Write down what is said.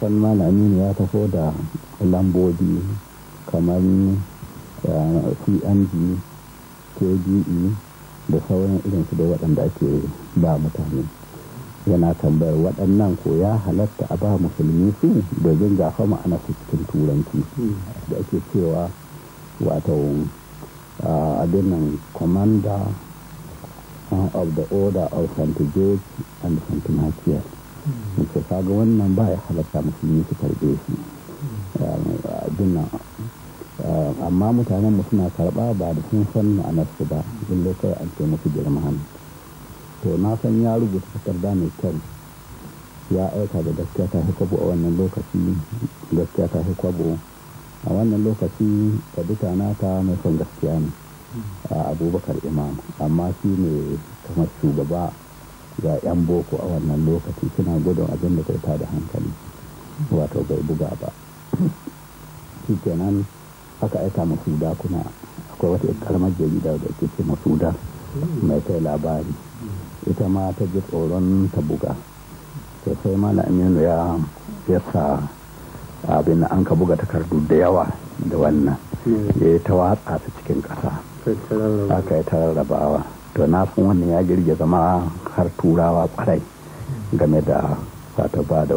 san malami ya taho da lambobi kamar cng eh, kde da sauran irinsu da waɗanda ake ba mutane yana tambayar waɗannan ko ya halatta a ba musulmi su domin gafa ma'ana su cikin turanci da ake cewa wato ah, abin nan commander ah, of the order of st george and st martial yake kaga wannan ba ya halatta musulmi su karbe shi amma mutanen mu suna karba ba da sun san su ba in lokacin an ce musu girman to na san ya rubuta takarda mai kyau ya aika da gaskiya ta hikwabo a wannan lokaci gaskiya ta hikwabo a wannan lokaci ka duka ta mai son gaskiya ne a abubakar imam amma shi ne kamar shugaba ga 'yan boko a wannan lokaci suna gudun abin da ta da hankali wato bai buga ba shi kenan aka aika masuda kuna akwai wata kalmar jarida da ke ce masuda mai kai labari ita ma ta ji tsoron ta buga sosai mana aminu ya yasa abin an ka buga takardu da yawa da wannan hmm. ya yi ta watsa su cikin ƙasa aka yi ta rarrabawa to na san wannan ya girgiza ma har turawa kwarai game da fata ba da